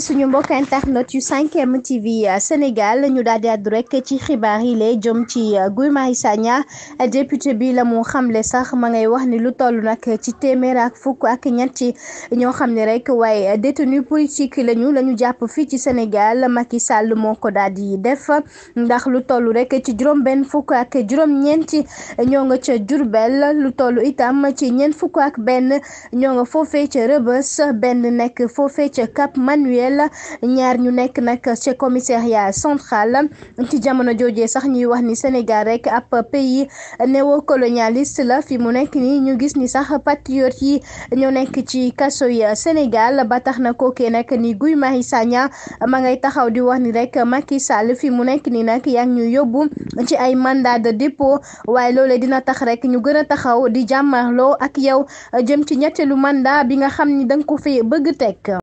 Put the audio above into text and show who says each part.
Speaker 1: suñu mbokk internet yu 5M TV euh, Sénégal ñu daal di àddu rek ci xibaar yi lay jom ci euh, Guy Marius Sagna député bi la mu xamle sax ma ngay wax ni lu toll nag ci téeméer ak fukk ak ñetti ñoo xam ne rek waaye détenu politique lañu la ñu jàpp fii ci Sénégal Macky Sall moo ko daal di def ndax lu toll rekk ci juróom benn fukk ak juróom ñeenti ñoo nga ca Jurbel lu toll itam ci ñeent fukk ak benn ñoo nga foofee ca Rëbës benn nekk foofee ca Cap Manuel Diourbel ñaar ñu nekk nag ca commissariat central ci jamono joojee sax ñuy wax ni Sénégal rek ab pays néocolonialiste la fi mu nekk ni ñu gis ni sax patriote yi ñoo nekk ci kaso yi Sénégal ba tax na kookee nag ni Guy Marius Sagna ma ngay taxaw di wax ni rek Macky Sall fi mu nekk ni nag yaa ngi ñu yóbbu ci ay mandat de dépôt waaye loole dina tax rek ñu gën a taxaw di jàmmarloo ak yow jëm ci ñetteelu mandat bi nga xam ni danga ko fi bëgg teg